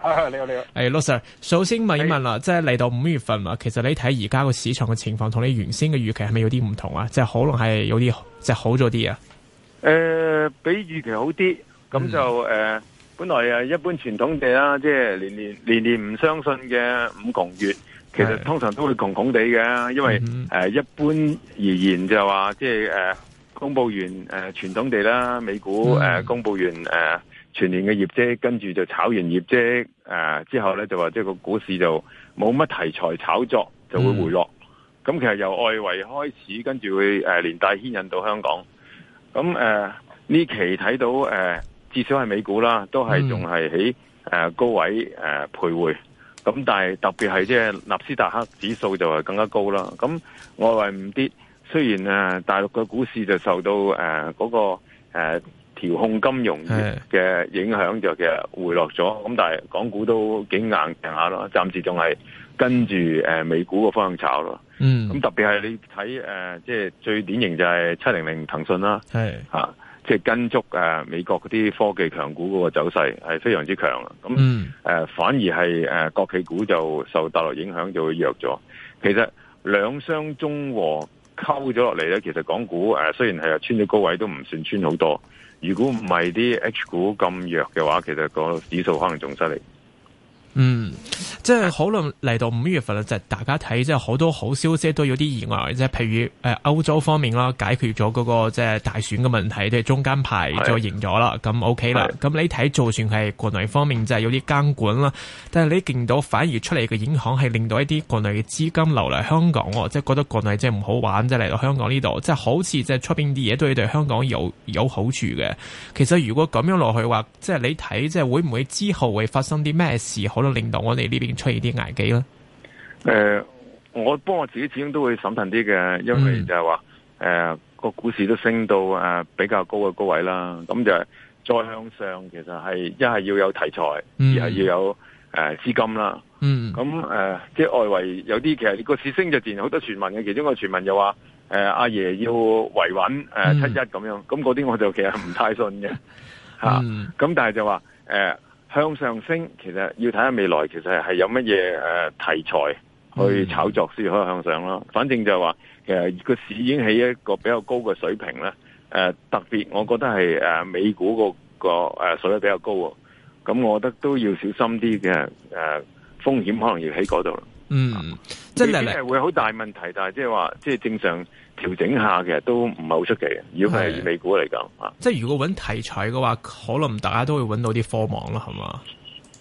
你好你好，誒，陸 sir 首先問一問啦，hey. 即係嚟到五月份啊，其實你睇而家個市場嘅情況同你原先嘅預期係咪有啲唔同啊？即係可能係有啲即係好咗啲啊？誒、呃，比預期好啲，咁、嗯、就誒、呃，本來啊，一般傳統地啦，即係年年年年唔相信嘅五窮月，其實通常都會窮窮地嘅，因為誒、嗯呃、一般而言就話即係誒、呃、公布完誒、呃、傳統地啦，美股誒、嗯呃、公布完誒。呃全年嘅業績，跟住就炒完業績，誒、呃、之後咧就話即係個股市就冇乜題材炒作，就會回落。咁、嗯嗯、其實由外圍開始，跟住會誒連帶牽引到香港。咁誒呢期睇到誒、呃、至少係美股啦，都係仲係喺誒高位誒、呃、徘徊。咁但係特別係即係納斯達克指數就係更加高啦。咁、嗯、外圍唔跌，雖然誒、呃、大陸嘅股市就受到誒嗰、呃那個誒。呃調控金融嘅影響就其實回落咗，咁但係港股都幾硬下咯，暫時仲係跟住誒美股個方向炒咯。嗯，咁特別係你睇誒，即係最典型就係七零零騰訊啦，係吓，即、啊、係、就是、跟足誒美國嗰啲科技強股嗰個走勢，係非常之強。咁、嗯、誒、嗯、反而係誒國企股就受大陸影響就會弱咗。其實兩相中和。溝咗落嚟咧，其實港股誒，雖然係穿咗高位，都唔算穿好多。如果唔係啲 H 股咁弱嘅話，其實個指數可能仲犀利。嗯。即係可能嚟到五月份啦，就大家睇即係好多好消息都有啲意外，即係譬如誒歐洲方面啦，解決咗嗰個即係大選嘅問題，即係中間派就贏咗啦，咁 OK 啦。咁你睇就算係國內方面即係有啲監管啦，但係你見到反而出嚟嘅影響係令到一啲國內嘅資金流嚟香港，即係覺得國內即係唔好玩，即係嚟到香港呢度，即係好似即係出邊啲嘢都要對香港有有好處嘅。其實如果咁樣落去話，即係你睇即係會唔會之後會發生啲咩事，可能令到我哋呢邊？出現啲危機咯。誒、嗯，我幫我自己始終都會審慎啲嘅，因為就係話，誒個股市都升到誒比較高嘅高位啦。咁就係再向上，其實係一係要有題材，二、嗯、係要有誒資金啦。嗯。咁、嗯、誒，即、嗯、係、就是、外圍有啲，其實個市升就自然好多傳聞嘅。其中個傳聞又話，誒阿爺要維穩，誒、呃、七一咁樣。咁嗰啲我就其實唔太信嘅。吓、嗯。咁、啊嗯、但係就話，誒、呃。向上升，其實要睇下未來，其實係有乜嘢誒題材去炒作先可以向上咯、嗯。反正就係話，其實個市已經喺一個比較高嘅水平咧。誒、呃、特別，我覺得係誒美股個個水位比較高喎。咁我覺得都要小心啲嘅誒風險，可能要喺嗰度。嗯，真係會好大問題，嗯、但係即係話即係正常調整下，其實都唔係好出奇。以美股來如果係美股嚟講，即係如果揾題材嘅話，可能大家都會揾到啲科網啦，係嘛？誒、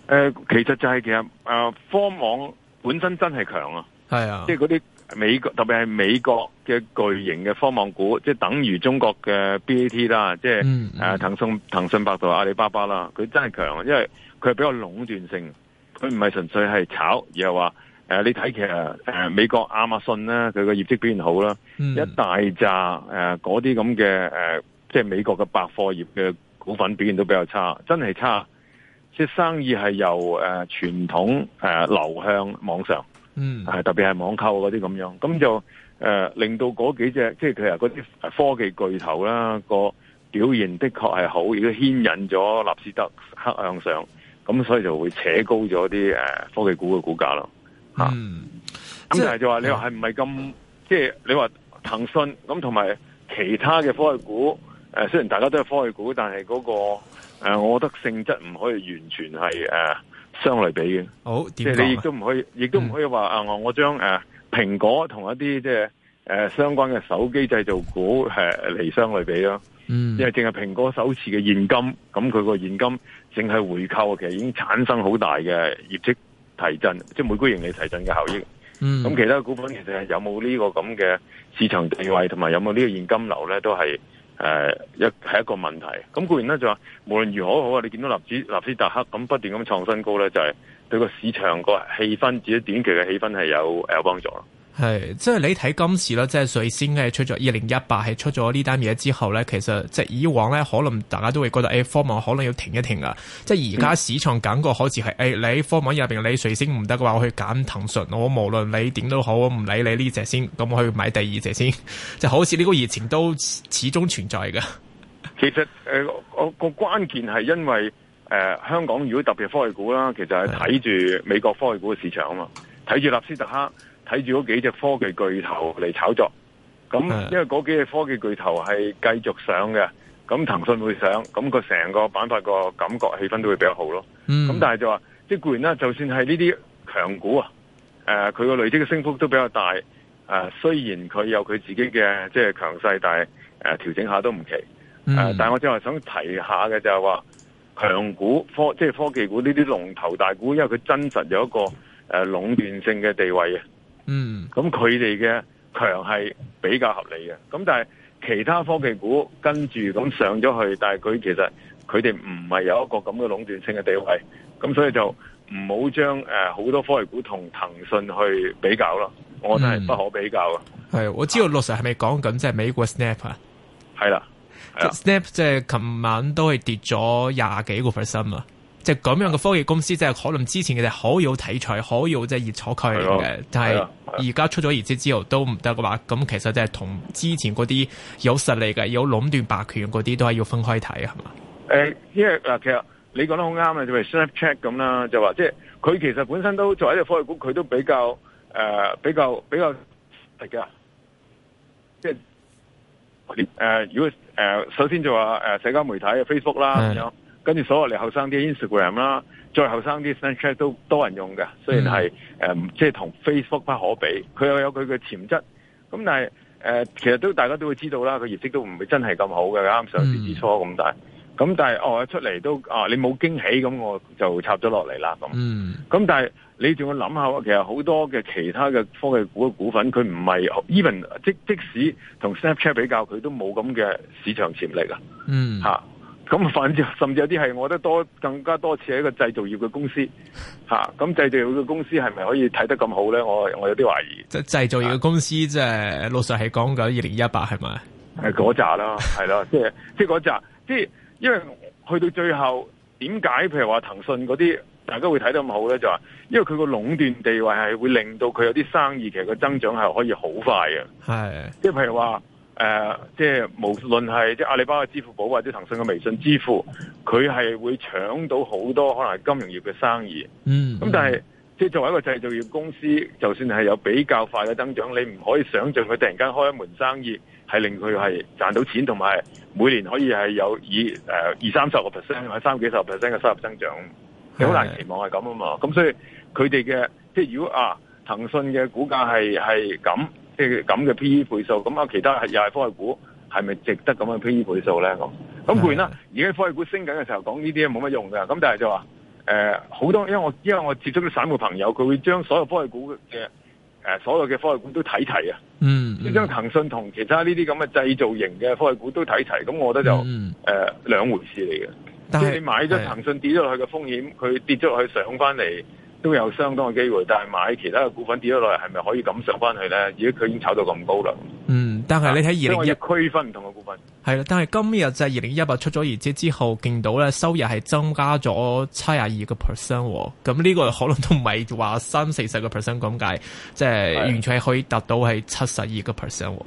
呃，其實就係其實誒科網本身真係強啊，係啊，即係嗰啲美國特別係美國嘅巨型嘅科網股，即、就、係、是、等於中國嘅 BAT 啦，即係誒騰訊、騰、嗯、訊、百、啊、度、阿里巴巴啦，佢真係強啊，因為佢係比較壟斷性，佢唔係純粹係炒，而係話。誒、呃，你睇其實誒、呃，美國亞馬遜咧，佢個業績表現好啦、嗯，一大扎誒，嗰啲咁嘅誒，即係美國嘅百貨業嘅股份表現都比較差，真係差。即係生意係由誒傳、呃、統誒、呃、流向網上，係、嗯、特別係網購嗰啲咁樣，咁就誒、呃、令到嗰幾隻即係其實嗰啲科技巨頭啦、個表現的確係好，而家牽引咗納斯德克向上，咁所以就會扯高咗啲誒科技股嘅股價咯。嗯，咁、就是、但係、嗯、就話、是就是、你話係唔係咁，即係你話騰訊咁同埋其他嘅科技股，誒、呃、雖然大家都係科技股，但係嗰、那個誒、呃，我覺得性質唔可以完全係誒相類比嘅。好，即係、就是、你亦都唔可以，亦都唔可以話、嗯、啊！我將誒蘋果同一啲即係誒相關嘅手機製造股誒嚟相類比咯。嗯，因為淨係蘋果首次嘅現金，咁佢個現金淨係回購，其實已經產生好大嘅業績。提振即係每股盈利提振嘅效益。咁、嗯、其他股份其實係有冇呢個咁嘅市場地位，同埋有冇呢個現金流咧，都係誒、呃、一係一個問題。咁固然咧就話無論如何好啊，你見到納指、納斯達克咁不斷咁創新高咧，就係、是、對個市場個氣氛，自己短期嘅氣氛係有有幫助咯。係，即係你睇今次啦，即係瑞星嘅出咗二零一八，係出咗呢單嘢之後咧，其實即係以往咧，可能大家都會覺得，誒、欸、科網可能要停一停啊！即係而家市場感覺好似係，誒、欸、你科網入邊你瑞星唔得嘅話，我去揀騰訊，我無論你點都好，我唔理你呢隻先，咁我去買第二隻先，即就好似呢個熱情都始始終存在嘅。其實誒，我、呃、個關鍵係因為誒、呃、香港如果特別係科技股啦，其實係睇住美國科技股嘅市場啊嘛，睇住納斯達克。睇住嗰幾隻科技巨頭嚟炒作，咁因為嗰幾隻科技巨頭係繼續上嘅，咁騰訊會上，咁個成個板塊個感覺氣氛都會比較好咯。咁、嗯、但係就話，即係固然啦，就算係呢啲強股啊，誒、呃，佢個累積嘅升幅都比較大，誒、呃，雖然佢有佢自己嘅即係強勢，但係誒、啊、調整下都唔奇。誒、嗯呃，但係我正係想提下嘅就係話，強股科即係科技股呢啲龍頭大股，因為佢真實有一個誒壟、呃、斷性嘅地位嗯，咁佢哋嘅強係比較合理嘅，咁但係其他科技股跟住咁上咗去，但係佢其實佢哋唔係有一個咁嘅壟斷性嘅地位，咁所以就唔好將誒好多科技股同騰訊去比較咯，我覺得係不可比較嘅。係、嗯，我知道陸 Sir 係咪講緊即係美國 Snap 啊？係啦，Snap 即係琴晚都係跌咗廿幾個 percent 啊。即係咁樣嘅科技公司，即係可能之前嘅就好有題材，好有即係熱炒區嘅。但係而家出咗業績之後都唔得嘅話，咁其實即係同之前嗰啲有實力嘅、有壟斷霸權嗰啲，都係要分開睇，係嘛？誒，因為誒，其實你講得好啱啊，就譬如 Snapchat 咁啦，就話即係佢其實本身都作為一個科技股，佢都比較誒、呃，比較比較係嘅。即係誒，如果誒，首先就話誒、呃，社交媒體嘅 Facebook 啦咁樣。跟住所謂你後生啲 Instagram 啦，再後生啲 Snapchat 都多人用嘅，雖然係、mm. 呃、即係同 Facebook 不可比，佢又有佢嘅潛質。咁、嗯、但係、呃、其實都大家都會知道啦，佢業績都唔會真係咁好嘅，啱上市之初咁大。咁、嗯 mm. 但係哦出嚟都啊你冇驚喜，咁、嗯、我就插咗落嚟啦。咁，咁、mm. 嗯、但係你仲要諗下，其實好多嘅其他嘅科技股嘅股份，佢唔係 even 即即使同 Snapchat 比較，佢都冇咁嘅市場潛力、mm. 啊。嗯，咁反正甚至有啲係，我覺得多更加多似喺一個製造業嘅公司吓，咁製造業嘅公司係咪可以睇得咁好咧？我我有啲懷疑。製造業嘅公司即係老實係講緊，二零一八係咪？係嗰扎啦，係啦即係即係嗰扎。即 係因為去到最後，點解譬如話騰訊嗰啲大家會睇得咁好咧？就話、是、因為佢個壟斷地位係會令到佢有啲生意，其實個增長係可以好快嘅。係，即係譬如話。誒、呃，即係無論係即係阿里巴巴嘅支付寶或者騰訊嘅微信支付，佢係會搶到好多可能係金融業嘅生意。嗯，咁但係、嗯、即係作為一個製造業公司，就算係有比較快嘅增長，你唔可以想象佢突然間開一門生意係令佢係賺到錢，同埋每年可以係有以誒二三十個 percent 或者三幾十 percent 嘅收入增長，你好難期望係咁啊嘛。咁所以佢哋嘅即係如果啊，騰訊嘅股價係係咁。是這樣即係咁嘅 P/E 倍數，咁啊其他係又係科技股，係咪值得咁嘅 P/E 倍數咧？咁咁固然啦，而家科技股升緊嘅時候講呢啲係冇乜用嘅，咁但係就話誒好多，因為我因為我接觸啲散戶朋友，佢會將所有科技股嘅、呃、所有嘅科技股都睇齊啊。嗯，即、嗯、將騰訊同其他呢啲咁嘅製造型嘅科技股都睇齊，咁我覺得就誒、嗯呃、兩回事嚟嘅。即、就係、你買咗騰訊跌咗落去嘅風險，佢跌咗落去上翻嚟。都有相當嘅機會，但係買其他嘅股份跌咗落嚟，係咪可以咁上翻去咧？如果佢已經炒到咁高啦，嗯，但係你睇二零一，即係區分唔同嘅股份。係啦，但係今日就係二零一八出咗業績之後，見到咧收入係增加咗七十二個 percent 喎。咁、嗯、呢個可能都唔係話三四十個 percent 咁解，即、就、係、是、完全係可以達到係七十二個 percent 喎。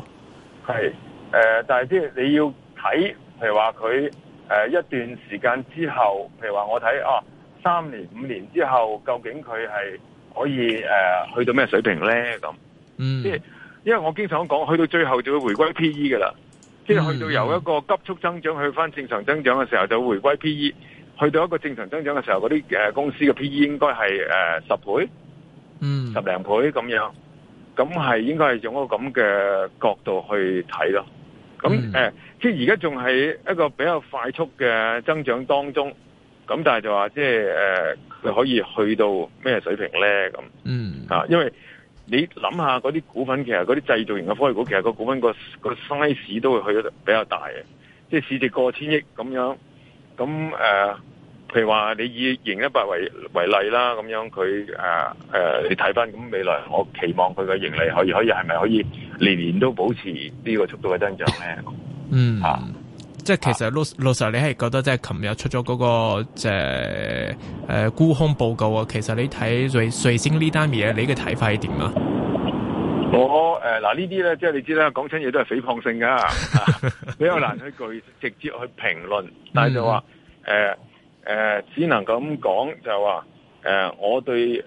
係、呃，但係即係你要睇，譬如話佢誒一段時間之後，譬如話我睇啊。三年五年之後，究竟佢係可以誒、呃、去到咩水平咧？咁，即、嗯、係因為我經常講，去到最後就會回歸 P E 噶啦。即係去到由一個急速增長去翻正常增長嘅時候，就會回歸 P E。去到一個正常增長嘅時候，嗰啲誒公司嘅 P E 應該係誒、呃、十倍，嗯，十零倍咁樣。咁係應該係用一個咁嘅角度去睇咯。咁誒，即係而家仲喺一個比較快速嘅增長當中。咁但係就話即係誒，佢、呃、可以去到咩水平咧？咁，吓、mm-hmm.，因為你諗下嗰啲股份，其實嗰啲製造型嘅科技股，其實個股份個個 size 都會去得比較大嘅，即係市值過千億咁樣。咁誒、呃，譬如話你以盈一八為為例啦，咁樣佢誒誒，你睇翻咁未來，我期望佢嘅盈利可以可以係咪可以年年都保持呢個速度嘅增長咧？嗯，吓。即係其實老老實你係覺得即係琴日出咗嗰、那個即係誒沽空報告啊，其實你睇瑞瑞星呢單嘢，你嘅睇法係點啊？我誒嗱、呃、呢啲咧，即係你知啦，講親嘢都係誹謗性噶、 啊，比較難去直接去評論、 嗯，但係就話誒誒，只能咁講就話、是、誒、呃，我對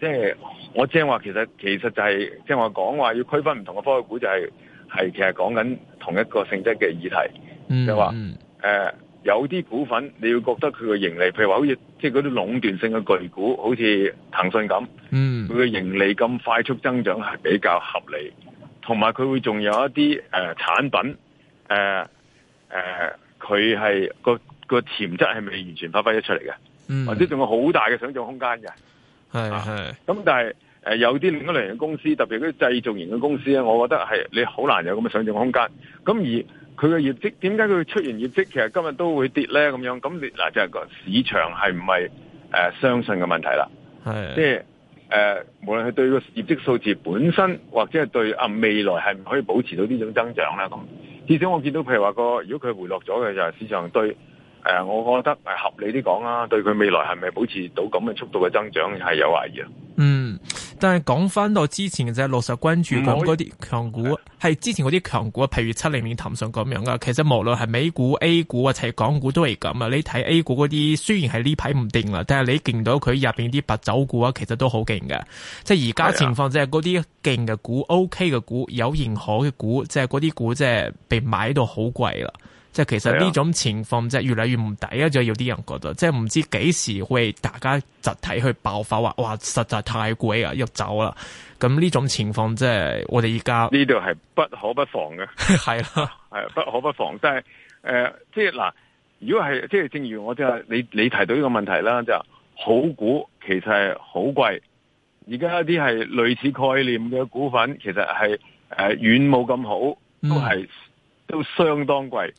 即係我正話，其實其實就係即係我講話要區分唔同嘅科學股就係、是。係，其實講緊同一個性質嘅議題，嗯、就話、是、誒、呃，有啲股份你會覺得佢嘅盈利，譬如話好似即係嗰啲壟斷性嘅巨股，好似騰訊咁，佢、嗯、嘅盈利咁快速增長係比較合理，同埋佢會仲有一啲誒、呃、產品，誒、呃、誒，佢、呃、係個個潛質係未完全發揮咗出嚟嘅、嗯，或者仲有好大嘅想象空間嘅，係係，咁、啊、但係。誒有啲另一類型嘅公司，特別嗰啲製造型嘅公司咧，我覺得係你好難有咁嘅上漲空間。咁而佢嘅業績點解佢出現業績其實今日都會跌咧？咁樣咁嗱就係個市場係唔係誒相信嘅問題啦？係即係誒、呃，無論係對個業績數字本身，或者係對啊未來係唔可以保持到呢種增長咧？咁至少我見到譬如話個，如果佢回落咗嘅就係市場對、呃、我覺得係合理啲講啦，對佢未來係咪保持到咁嘅速度嘅增長係有懷疑啦嗯。但係講翻到之前就係陸續關注講嗰啲強股，係之前嗰啲強股，譬如七零年騰訊咁樣噶。其實無論係美股、A 股啊，齊港股都係咁啊。你睇 A 股嗰啲，雖然係呢排唔掂啦，但係你見到佢入邊啲白酒股啊，其實都好勁嘅。即係而家情況，即係嗰啲勁嘅股、OK 嘅股、有認可嘅股，即係嗰啲股即係被買到好貴啦。即係其實呢種情況即係越嚟越唔抵啊！仲有啲人覺得，即係唔知幾時會大家集體去爆發，話哇實在太貴啊，要走啦！咁呢種情況即係我哋而家呢度係不可不防嘅，係 啦，係不可不防。即係誒，即係嗱，如果係即係正如我即係你你提到呢個問題啦，就係、好股其實係好貴，而家一啲係類似概念嘅股份，其實係誒、呃、遠冇咁好，都係。都相當貴，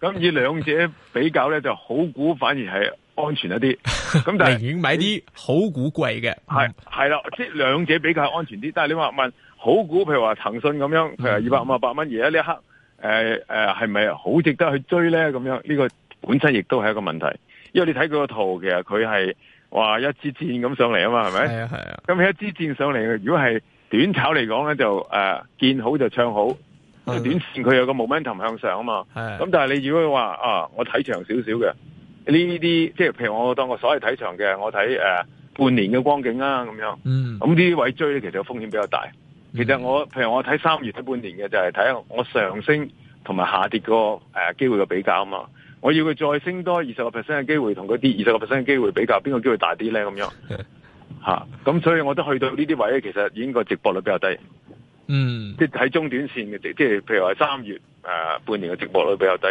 咁以兩者比較咧，就好股反而係安全一啲，咁 但係寧願買啲好股貴嘅，係係啦，即 係、就是、兩者比較安全啲。但係你話問好股，譬如話騰訊咁樣譬係二百五十八蚊，而家呢一刻，誒誒係咪好值得去追咧？咁樣呢、這個本身亦都係一個問題，因為你睇佢個圖，其實佢係話一支箭咁上嚟啊嘛，係咪？係啊係啊，咁、啊、一支箭上嚟，如果係短炒嚟講咧，就誒、呃、見好就唱好。短線佢有個 momentum 向上啊嘛，咁、嗯、但係你如果話啊，我睇長少少嘅呢啲，即係譬如我當我所謂睇長嘅，我睇誒、呃、半年嘅光景啊咁樣，咁啲位追咧其實風險比較大。其實我譬如我睇三月睇半年嘅就係、是、睇我上升同埋下跌個誒、呃、機會嘅比較啊嘛，我要佢再升多二十個 percent 嘅機會同嗰啲二十個 percent 嘅機會比較，邊個機會大啲咧咁樣？咁、 啊、所以我都去到呢啲位咧，其實已經個值博率比較低。嗯，即喺中短線嘅地，即係譬如話三月啊、呃、半年嘅直播率比較低，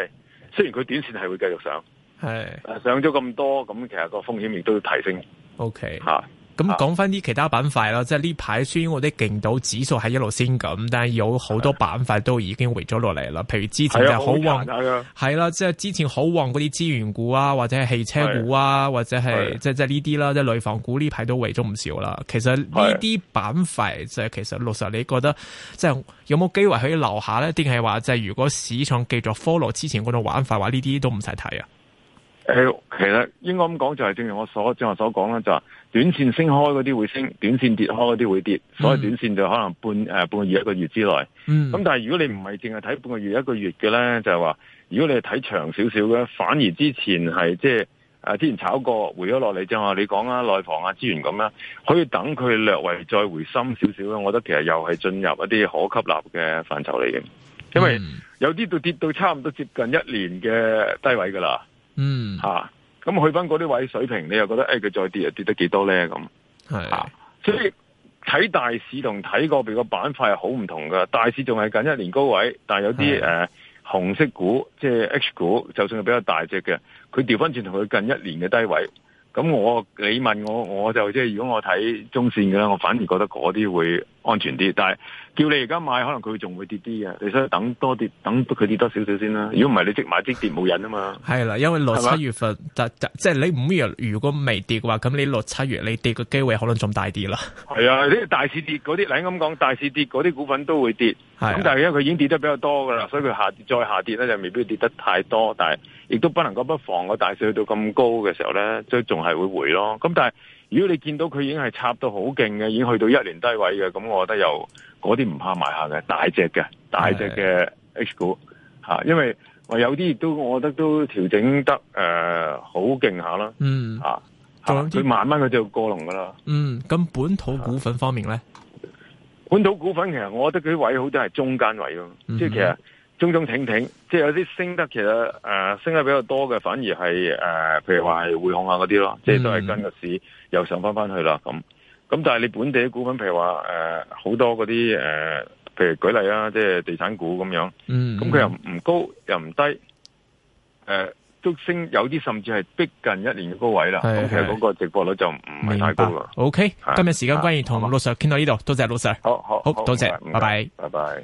雖然佢短線係會繼續上，係啊上咗咁多，咁其實個風險亦都要提升，ok，吓、啊。咁講翻啲其他板塊啦，即係呢排雖然我啲勁到指數係一路升咁，但係有好多板塊都已經回咗落嚟啦。譬如之前就好旺啊，係啦的，即係的、就是、之前好旺嗰啲資源股啊，或者係汽車股啊，的或者係即係即係呢啲啦，即係內房股呢排都回咗唔少啦。其實呢啲板塊的就係其實老實的你覺得即係、就是、有冇機會可以留下咧？定係話即係如果市場繼續 follow 之前嗰種玩法，話呢啲都唔使睇啊。其實應該咁講，就係正如我所，正話所講啦，就係短線升開嗰啲會升，短線跌開嗰啲會跌，所以短線就可能半誒、mm. 呃、半個月一個月之內。咁、mm. 但係如果你唔係淨係睇半個月一個月嘅咧，就係、是、話如果你係睇長少少嘅，反而之前係即係誒之前炒過回咗落嚟，正話你講啊，內房啊資源咁啦，可以等佢略為再回深少少咧，我覺得其實又係進入一啲可吸納嘅範疇嚟嘅，mm. 因為有啲都跌到差唔多接近一年嘅低位噶啦。嗯吓，咁、啊、去翻嗰啲位水平，你又覺得誒，佢、哎、再跌又跌得幾多咧？咁、啊、係、啊、所以睇大市同睇邊個板塊係好唔同噶。大市仲係近一年高位，但係有啲誒、呃、紅色股，即係 H 股，就算係比較大隻嘅，佢調翻轉同佢近一年嘅低位。咁我你問我，我就即係如果我睇中線嘅咧，我反而覺得嗰啲會安全啲，但係。叫你而家買，可能佢仲會跌啲啊。你所以等多跌，等佢跌多少少先啦。如果唔係，你即買即跌冇癮啊嘛。係啦，因為落七月份就即係你五月如果未跌嘅話，咁你落七月你跌嘅機會可能仲大啲啦。係啊，你大市跌嗰啲，例如咁講，大市跌嗰啲股份都會跌。係咁，但係因為佢已經跌得比較多噶啦，所以佢下跌再下跌咧，就未必跌得太多，但係亦都不能夠不防個大市去到咁高嘅時候咧，都仲係會回咯。咁但係。如果你見到佢已經係插到好勁嘅，已經去到一年低位嘅，咁我覺得又嗰啲唔怕埋下嘅，大隻嘅大隻嘅 H 股嚇，因為我有啲都，我覺得都調整得誒好勁下啦，嗯嚇，佢、啊、慢慢佢就過龍噶啦。嗯，咁本土股份方面咧、啊，本土股份其實我覺得佢啲位好似係中間位咯，即、嗯、係、就是、其實。中中挺挺，即係有啲升得其實誒、呃，升得比較多嘅，反而係誒、呃，譬如話係匯控下嗰啲咯，即係都係跟個市又上翻翻去啦咁。咁但係你本地嘅股份，譬如話誒，好、呃、多嗰啲誒，譬如舉例啦，即係地產股咁樣，咁、嗯、佢又唔高又唔低，誒、呃，都升有啲，甚至係逼近一年嘅高位啦。咁其實嗰個直播率就唔係太高啦。O、okay, K，今日時間關於同陸 sir 傾到呢度，多謝陸 sir。好好好，好，多謝，拜拜，拜拜。拜拜